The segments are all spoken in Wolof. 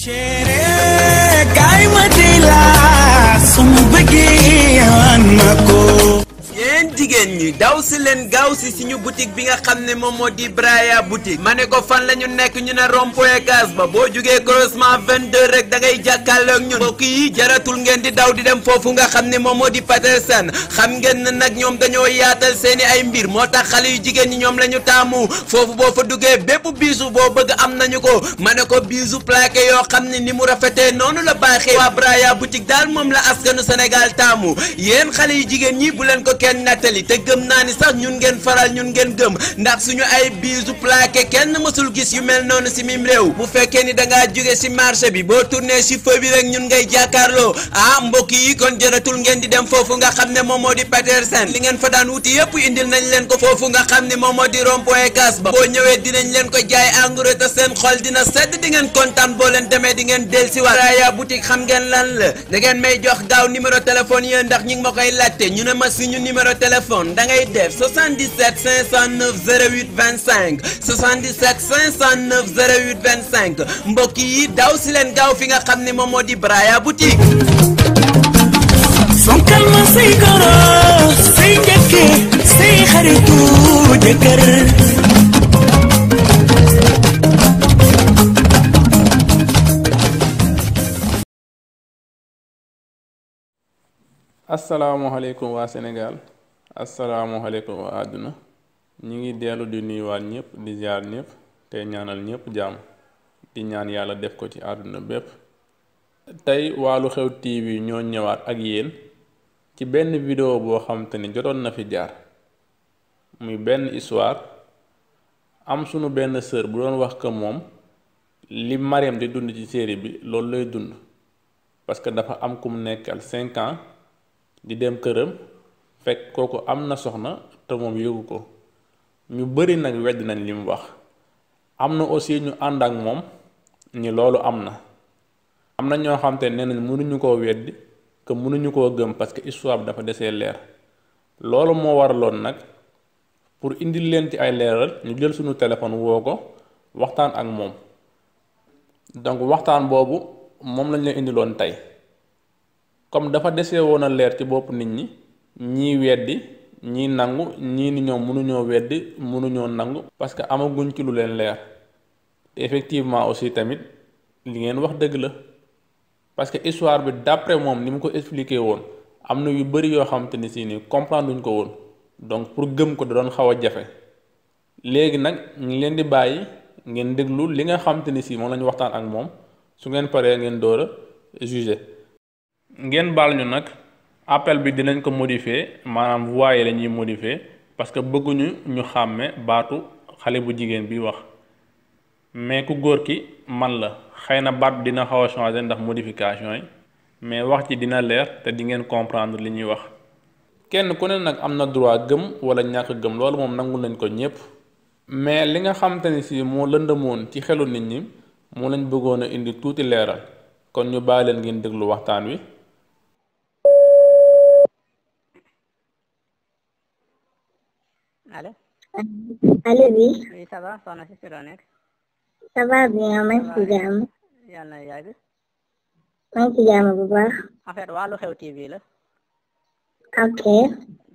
शेरे काय मजेला jigéen ñi daw si leen gaaw si suñu boutique bi nga xam ne moom moo di Braya boutique ma ne ko fan la nekk ñu ne rond-point gaz ba boo jugee croisement 22 rek dangay ngay jàkkaarloog ñun mbokk yi jaratul ngeen di daw di dem foofu nga xam ne moom moo di Petersen xam ngeen ne nag ñoom dañoo yaatal seeni ay mbir moo tax xale yu jigéen ñi ñoom la ñu taamu foofu boo fa duggee bépp biisu boo bëgg am nañu ko ma ne ko biisu plaqué yoo xam ne ni mu rafetee noonu la baaxee waa Braya boutique daal moom la askanu Sénégal taamu yéen xale yu jigéen ñi bu leen ko kenn nattali yi te gëm naa ni sax ñun ngeen faral ñun ngeen gëm ndax suñu ay biisu plaqué kenn mësul gis yu mel noonu si mim réew bu fekkee ni da ngaa jóge si marché bi boo tourné si feu bi rek ñun ngay jàkkaarloo ah mbokk yi kon jëratul ngeen di dem foofu nga xam ne moom moo di Petersen li ngeen fa daan wuti yëpp indil nañ leen ko foofu nga xam ne moom moo di rond-point Case ba boo ñëwee dinañ leen ko jaay engrais te seen xol dina sedd di ngeen kontaan booleen leen demee di ngeen del si waat Raya boutique xam ngeen lan la da ngeen may jox gaaw numéro téléphone yéen ndax ñi ngi ma koy laajte ñu ne ma numéro téléphone téléphone da ngay def 77 509 mbokk yi daw si leen gaaw fi nga xam ne moom moo di Braya boutique. fonkal ma say goro say njëkke say xaritu jëkkër waa Sénégal asalaamualeykum wa àdduna ñi ngi dellu di nuyuwaat ñëpp di ziar ñëpp tey ñaanal ñëpp jàmm di ñaan yàlla def ko ci àdduna bépp tey waa Lu Xew TV ñoo ñëwaat ak yéen ci benn vidéo boo xam te ni jotoon na fi jaar muy benn histoire am sunu benn sër bu doon wax que moom li Mariam di dund ci série bi loolu lay dund parce que dafa am kum nekkal cinq di dem këram fekk kooku am na soxna te moom yëgu ko ñu bari nag wedd nañ li wax am na aussi ñu ànd ak moom ñi loolu am na am na ñoo xam te nee nañ mënuñu koo weddi que mënuñu koo gëm parce que histoire bi dafa desee leer loolu moo waraloon nag pour indil leen ci ay leeral ñu jël suñu téléphone woo ko waxtaan ak moom donc waxtaan boobu moom lañ la indiloon tey comme dafa desee woon leer ci bopp nit ñi ñii weddi ñii nangu ñii ni ñoom mënuñoo weddi mënuñoo nangu parce que amaguñ ci lu leen leer te effectivement aussi tamit li ngeen wax dëgg la parce que histoire bi d'après moom ni mu ko expliqué woon am na yu bëri yoo xam te ni si ni comprendre duñ ko woon donc pour gëm ko da doon xaw a jafe léegi nag ñu ngi leen di bàyyi ngeen déglu li nga xam te ni si moom la waxtaan ak moom su ngeen paree ngeen door a juger ngeen baal ñu nag appel bi dinañ ko modifier maanaam voix yi la ñuy modifier parce que bëgguñu ñu xàmme baatu xale bu jigéen bi wax mais ku góor ki man la xëy na baat dina xaw a changer ndax modification yi mais wax ji dina leer te di ngeen comprendre li ñuy wax kenn ku ne nag am na droit gëm wala ñàkk gëm loolu moom nangu nañ ko ñépp mais li nga xamante ni si moo lëndëmoon ci xelu nit ñi moo lañ bëggoon a indi tuuti leeral kon ñu bàyyi leen ngeen déglu waxtaan wi Aliou bi. oui ça va si si la nekk. ça va bien maa ngi jàmm. yàlla na yàgg. maa ngi ci jàmm bu baax. en fait waa Lu Xew TV la. ok.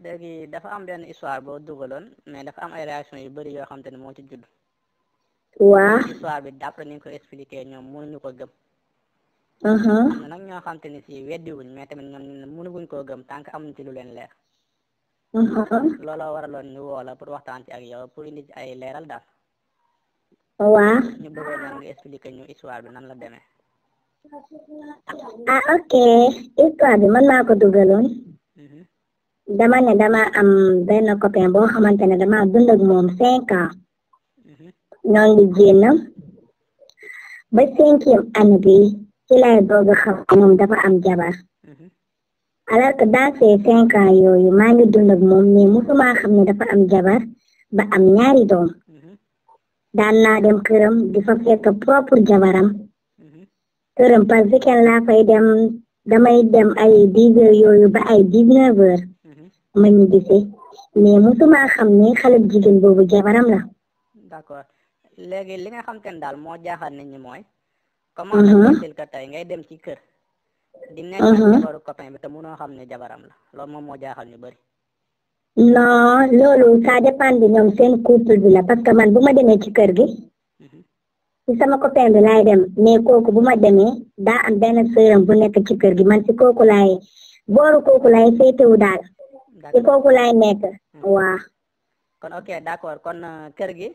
léegi dafa am benn histoire boo dugaloon mais dafa am ay réaction yu bari yoo xam te ne moo ci judd. waa histoire bi d'après ni ñu ko expliqué ñoom mënuñu ko gëm. am nag ñoo xam te ne si weddiwuñ mais tamit ñoom koo gëm tant que amuñ ci lu leen leer. looloo waraloon ñu woo pour waxtaan ci ak yow pour indi ay leeral daal. waaw. ñu bëggoon ñaan nga expliquer bi nan la demee. ah ok histoire bi man maa ko dugaloon. dama ne dama am benn copain boo xamante ne dama dund ak moom cinq ans. ñoo ngi génn. ba cinquième année bi ci laay doog a xam moom dafa am jabar. alors que dans cinq ans yooyu maa ngi dund ak moom mais musuma xam ne dafa am jabar ba am ñaari doom mm-hmm. daal naa dem këram di fa fekk propre jabaram mm-hmm. këram parce que kenn laa fay dem damay dem ay dix heures yooyu ba ay dix neuf heures mm-hmm. ma ñu gisee mais musuma xam ne xale bu jigéen boobu jabaram la. d'accord léegi li nga xam te daal moo jaaxal nit ñi mooy. comment ngay dem ci kër. di nekk uh-huh. xam ne jabaram la loolu moom moo jaaxal ñu non loolu ça dépend bi ñoom seen couple bi parce que man bu ma ci kër gi mm-hmm. ci sama copain bi dem mais kooku bu ma demee daa am benn bu nekk ci kër gi man ci kooku laay booru kooku laay féetewu daal ci kooku laay nekk mm-hmm. waa kon ok d'accord kon euh, kër gi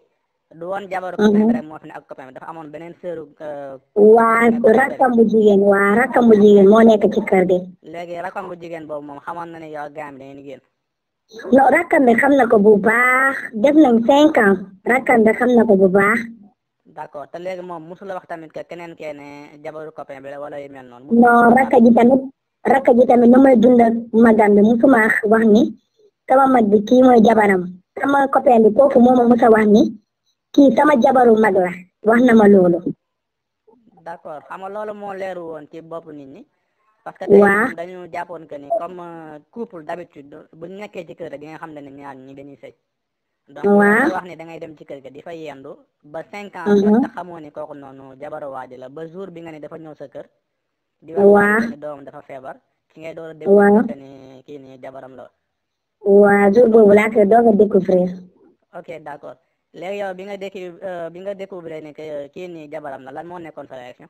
du woon jabaru copain uh-huh. rek ne ak copain dafa amoon beneen sëru euh, waa rakkam bu jigéen waa rakkam bu jigéen moo nekk ci kër gi léegi rakkam bu jigéen boobu moom xamoon na ne yow gaam bi dañuy génn non rakkam bi xam na ko bu baax def nañ cinq ans rakkam bi xam na ko bu baax d'accord te léegi moom musul wax tamit que keneen kee ne jabaru copain bi la wala yu mel noonu non rakka ji tamit rakka ji tamit nu may dundal magam bi musuma wax ni sama mag bi kii mooy jabaram sama copain bi kooku mooma musa wax ni kii sama jabaru mag la wax na ma loolu. d' accord xam nga loolu moo leeru woon ci bopp nit ñi. parce que dañu dañu jàppoon que ni comme euh, couple d' habitude bu nekkee ci kër rek nga xam ne ne ñaar ñi dañuy sëy. donc wax ne da ngay dem ci kër ga di fa yendu ba cinq ans. nga mhm. xamoo ni kooku noonu jabaru waaji la ba jour bi nga ne dafa ñëw sa kër. di wax ne doom dafa feebar. ki ngay door a découvrir que ni kii ni la. waaw jour boobu laa koy doog a découvrir. ok d' léegi yow bi nga déki euh, bi nga découvrir ne ke kii nii jabaram la la moo nekkoon sa réaction.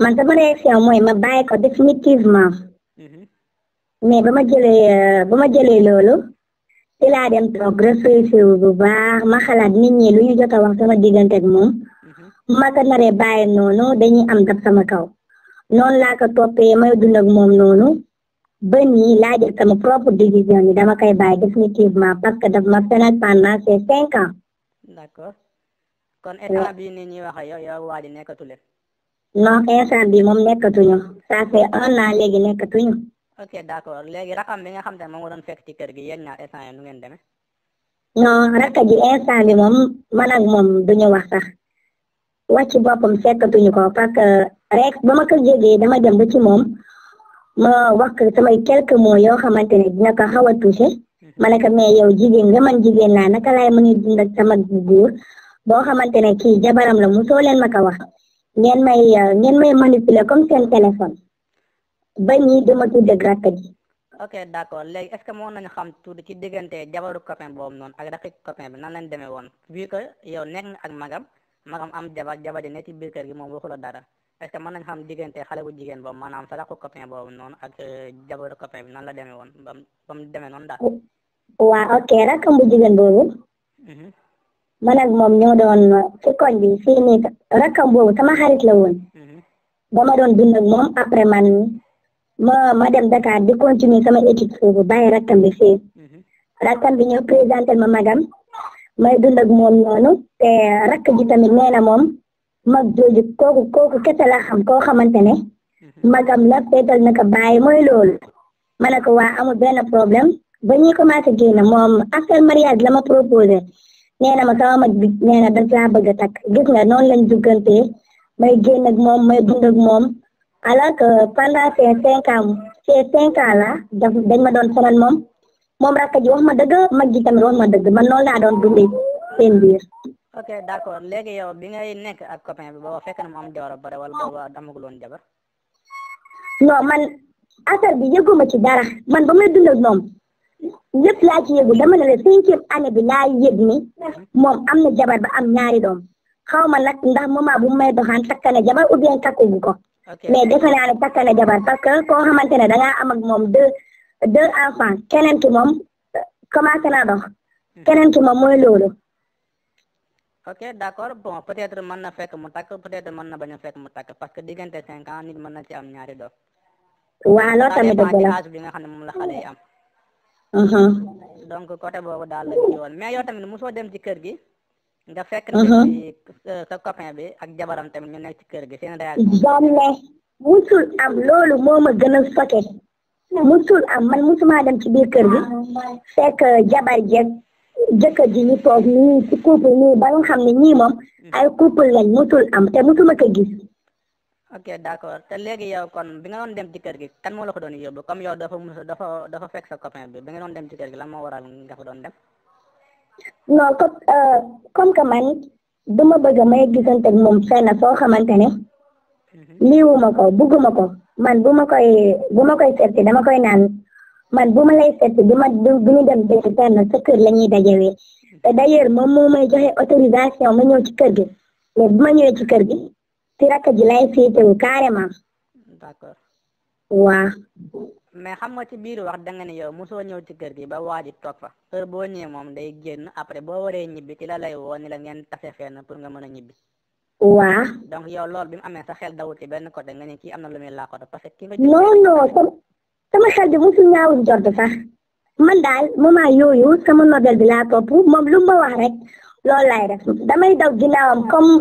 man sama réaction mooy ma bàyyi ko définitivement. Mhm. mais ba ma jëlee euh, ba ma jëlee loolu. i laa dem toog réfléchir bu baax ma xalaat nit ñi lu ñu jot a wax sama diggante ak moom mhm. ma ko naree bàyyi noonu dañuy am dab sama kaw noonu laa ko toppee may dund moom noonu ba nii laa jël sama propre ni dama koy bàyyi définitivement parce que daf ma fenal pendant ces cinq ans. d'accord kon instant bii nii ñuy wax ak yow yow waa ji nekkatu leen. non instant bii moom nekkatuñu ça fait un an léegi nekkatuñu. ok d'accord léegi rakam bi nga xam te ne moom doon fekk ci kër gi yéen ñaar instant yi nu ngeen demee. non rakk ji instant bi moom man ak moom duñu wax sax wàcc boppam fekkatuñu ko parce que rek ba ma ko dama dem ba ci moom. ma wax samay quelques mots yoo xamante ne dina ko xaw a touché ma ne ko mais yow jigéen nga man jigéen laa naka laay mën a dund ak sama góor boo xamante ne kii jabaram la mu musoo leen ma ko wax ngeen may euh, ngeen may manipuler comme seen téléphone ba ñii dama tudd ak rakk ji. ok d' accord léegi est ce que mën nañu xam tuuti ci diggante jabaru copain boobu noonu ak rakk copain bi nan lañ demee woon vu que yow nekk nga ak magam magam am jabar jabar ji ne ci biir kër gi moom waxula dara. est-ce que mën nañ xam diggante xale bu jigéen boobu maanaam saraxu copain boobu noonu ak euh, jabaru copain bi nan la demee woon ba ba mu demee noonu daal. waaw ok rakam bu jigéen boobu. Mhm. man ak moom ñoo doon ci koñ bi fii nii rakam boobu sama xarit la woon. Mhm. ba ma doon dund ak moom après man ma ma dem Dakar di continuer sama étude foofu bàyyi rakam bi fii. Mhm. rakam bi ñëw présenté ma magam may dund ak moom te rakk ji tamit nee mag jooju kooku kooku kese laa xam koo xamante ne mhm. magam la feetal na ko bàyyi mooy loolu ma ne ko waa amul benn problème ba ñuy commencé génn moom affaire mariage la ma proposé nee na ma sama mag bi nee na daf laa gis nga noonu lañ duggantee may génn ak moom may dund ak alors que pendant ces cinq ans ces cinq ans là daf dañ ma doon sonal moom moom rakk ji wax ma dëgg mag ji tamit wax ma dëgg man noonu laa doon dundee seen biir ok d' accord léegi yow bi ngay nekk ak copain bi booba fekk na mu am jabar ba pare wala jabar. non man affaire bi yëguma ci dara man ba may dund ak moom yëpp laa ci yëgu dama ne la bi laa yëg ni moom am na jabar ba am ñaari doom xaw ma nag ndax moment bu may doxaan takk na jabar ou bien takkugu ko. mais defe naa ne jabar parce que koo xamante ne da ngaa am ak moom deux deux enfants keneen ki moom euh, commencé naa dox. Hmm. keneen ki moom mooy loolu. ok d' accord bon peut être na fekk mu takk a fekk mu takk parce que diggante cinq ans nit mën na ci am ñaari doom. waaw tamit dëgg la âge am. Uh-huh. donc côté boobu daal la ci woon mais yow tamit mosoo dem ci kër gi. nga fekk na uh-huh. euh, sa copain bi ak jabaram tamit ñu nekk ci kër gi seen réaction. musul am loolu moo ma gën a soke musul am man musuma dem ci biir kër gi ah, fekk euh, jabar jeeg. jëkkër ji ñu toog nii ci couple ni ba nga xam ne ñii moom mm. ay couple lañ mutul am te mutuma ko gis. ok d'accord te léegi yow kon bi nga doon dem ci kër gi kan moo la ko doon yóbbu comme yow dafa mus dafa dafa fekk sa copain bi bi nga dem ci kër gi lan moo waral nga fa doon dem. non comme euh, comme que man dama bëgg may gisante ak moom fenn foo xamante ne. liiwuma mm-hmm. ko bugguma ko man bu koy bu koy seeti dama koy naan. man bu ma lay seet du ma du ñu dem dëkk fenn sa te d'ailleurs moom moo may joxe autorisation ma ñëw ci kër gi mais bu ma ñëwee ci kër gi si rakk ji lay féetewu carrément. d'accord waaw. mais xam nga ci biir wax da nga ne yow mosoo ñëw ci kër gi ba waa ji toog fa heure boo ñëwee moom day génn après boo waree ñibbi ci la lay woo ni la ngeen tase fenn pour nga mën a ñibbi. waaw. donc yow loolu bi mu amee sa xel dawul ci benn côté nga ne ki am na lu muy laakoto parce que. ki nga sama xel bi musul ñaawul jot sax man daal moment yooyu sama nobel bi laa topp moom lu ma wax rek loolu lay def damay daw ginnaawam comme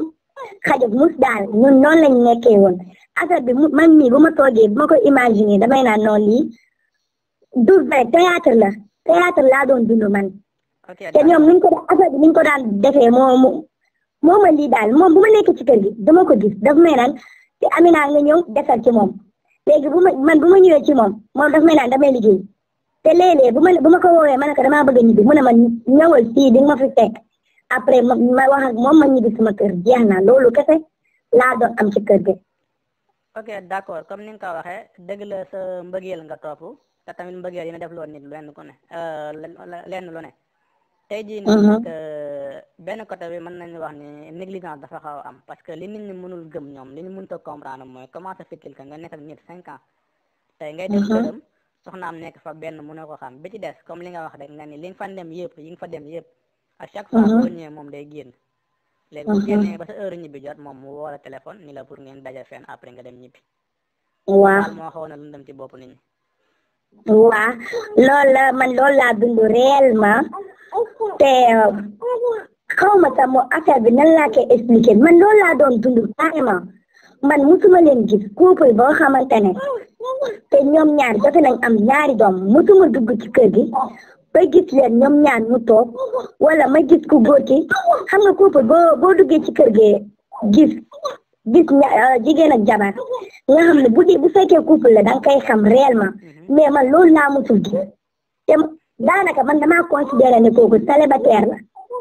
xajub mus daal ñun noonu lañ nekkee woon affaire bi man mii bu ma toogee bu ma damay naan noonu lii du vrai théâtre la théâtre laa doon dund man te ñoom nuñ ko affaire bi nuñ ko daan defee moom a lii daal moom bu ma nekk ci kër gi dama ko gis daf may naan te Amina nga ñëw defar ci moom léegi bu ma man bu ma ñëwee ci moom moom daf may naan damay liggéey te léeg-léeg bu ma bu ma ko woowee ma ne ko damaa bëgg a ñibbi mu ne ma ñëwal fii di ma fi fekk après ma ma wax ak moom ma ñibbi sama kër jeex na loolu kese laa doon ci kër gi. ok d' accord comme ni nga ko waxee dëgg la sa mbëggeel nga topp te tamit mbëggeel yi na def loolu nit lenn ku ne euh, lenn lu ne. tey jii nii mm-hmm. nag eh, benn côté bi mën nañu wax ni négligence dafa xaw a am parce que li nit ñi mënul gëm ñoom li ñu mënut a comprendre mooy comment ça fait nga nekk ak nit cinq ans ngay dem mm-hmm. këram soxnaam nekk fa benn mënoo ko xam bi ci des comme li nga wax rek nga ni li nga dem yëpp yi nga fa dem yëpp à chaque fois mm-hmm. boo ñëwee moom day génn léegi bu génnee ba sa heure ñibbi jot moom mu woo a téléphone ni la pour ngeen daje fenn après nga dem ñibbi waaw moo xaw na lu dem ci bopp nit ñi waa loolu la man loolu laa dund réellement te xaw ma affaire bi nan laa koy expliquer man loolu laa doon dund carrément man musuma leen gis couple boo xamante ne te ñoom ñaar jote nañ am ñaari doom musuma dugg ci kër gi ba gis leen ñoom ñaan mu toog wala ma gis ku góor ki xam nga couple boo boo duggee ci kër gi gis gis nga euh, jigéen ak jabar nga xam ne bu dee bu fekkee couple la da nga koy xam réellement mhm. mais man loolu laa musul gis te daanaka man damaa considéré ne kooku a la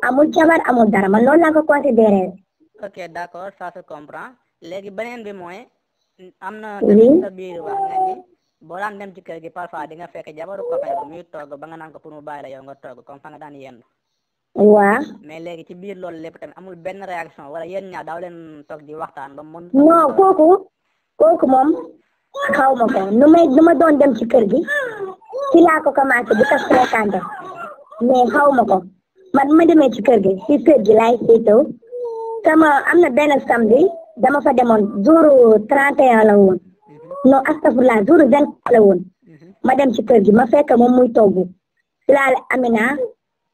amul jabar amul dara man loolu laa ko considéré. ok d' accord ça se comprend léegi beneen bi mooy. am na tamit sa biir wax nga ni boo daan dem ci kër gi parfois di nga fekk jabaru copain bi muy togg ba nga naan ko pour mu bàyyi la yow nga togg di fa nga daan waaw. mais léegi ci biir loolu lépp tamit amul benn réaction wala yéen ñaar daaw leen toog di waxtaan ba mën. non kooku kooku moom xaw ma ko nu may ma doon dem ci kër gi ci laa ko commencé di ma ko ci kër gi ci kër gi laay féetoo sama am na benn samedi dama fa demoon jour 31 la woon mhm. non astafurlah jour 20 la woon mhm. ma dem ci kër gi ma fekk moom muy togg ci laal Amina.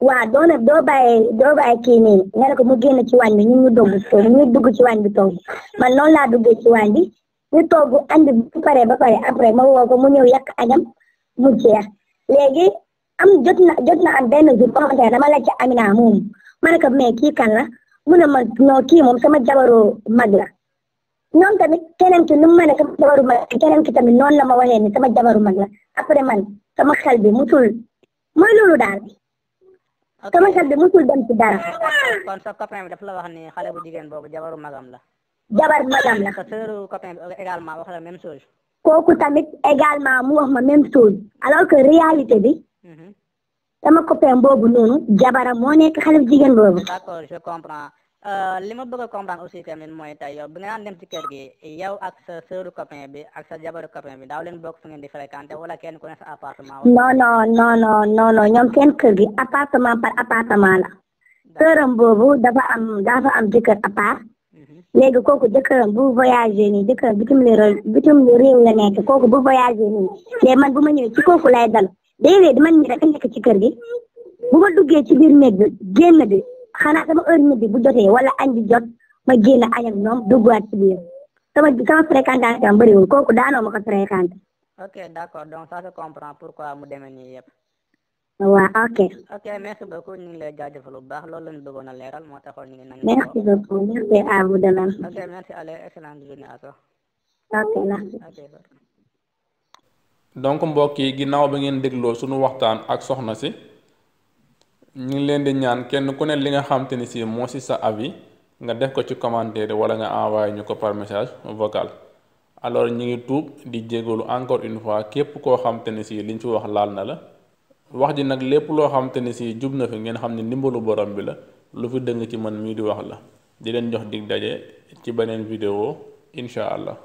waaw doona doo bàyyi doo bàyyi kii nii nga ne ko mu génn ci waañ bi ñu ñu dugg toog ñu dugg ci waañ bi toog man noonu laa duggee ci waañ bi ñu togg andi ba pare après ma woo ko mu ñëw yàq añam mu jeex léegi am jot na jot na am benn jour a dama la ci Amina moom ma ne ko mais kii kan la mu ne ma non sama jabaru mag la ñoom tamit keneen ki nu mu ma ne sama jabaru mag la ki tamit noonu la ma waxee ni sama jabaru mag la après man sama xel bi mutul ma loolu daal. sama kat bi musul dem ci dara. kon sa copain bi dafa la wax ni xale bu jigéen boobu jabaru magam la. jabar magam la. sa sœuru copain bi également wax la même chose. kooku tamit également mu wax ma même chose alors que réalité bi. Mhm. sama copain boobu noonu. jabara moo nekk xale bu jigéen boobu. d'accord je comprends. Euh, li ma bëgg a comprendre aussi tamit mooy tey yow bi nga naan dem ci kër gi yow ak sa sœuru copain bi ak sa jabaru copain bi daaw leen bokk fu ngeen di fréquenté wala kenn ku ne sa appartement. non non non non non ñoom seen kër gi appartement par appartement la. sëram boobu dafa am dafa am jëkkër à part mhm. léegi kooku jëkkëram bu voyagé nii jëkkër bitim réew bitim réew la nekk kooku bu voyagé nii léegi bu ma ñëwee ci kooku lay dal léeg-léeg man mii rek a nekk ci kër gi bu ma duggee ci biir néeg bi génn bi xanaa sama heure bu jotee wala añ bi jot ma génn añ ak duggaat ci biir sama sama fréquentation bëriwul kooku daanoo ko fréquenté. ok d' accord donc ça se mu demee nii yëpp. waaw ok. ñu ngi lay jaajëfal bu baax loolu la ñu a leeral moo taxoon ñu ngi naan. merci mbokk yi ginnaaw ba ngeen dégloo suñu waxtaan ak soxna si. ñu ngi leen di ñaan kenn ku ne li nga xam te ni si moo si sa avis nga def ko ci commentaire wala nga envoyé ñu ko par message vocal alors ñu ngi tuub di jégalu encore une képp koo xam te ni si liñ fi wax laal na la wax ji nag lépp loo xam te ni si jub na fi ngeen xam ne ndimbalu borom bi la lu fi dëng ci mën mii di wax la di leen jox dig daje ci beneen vidéo incha allah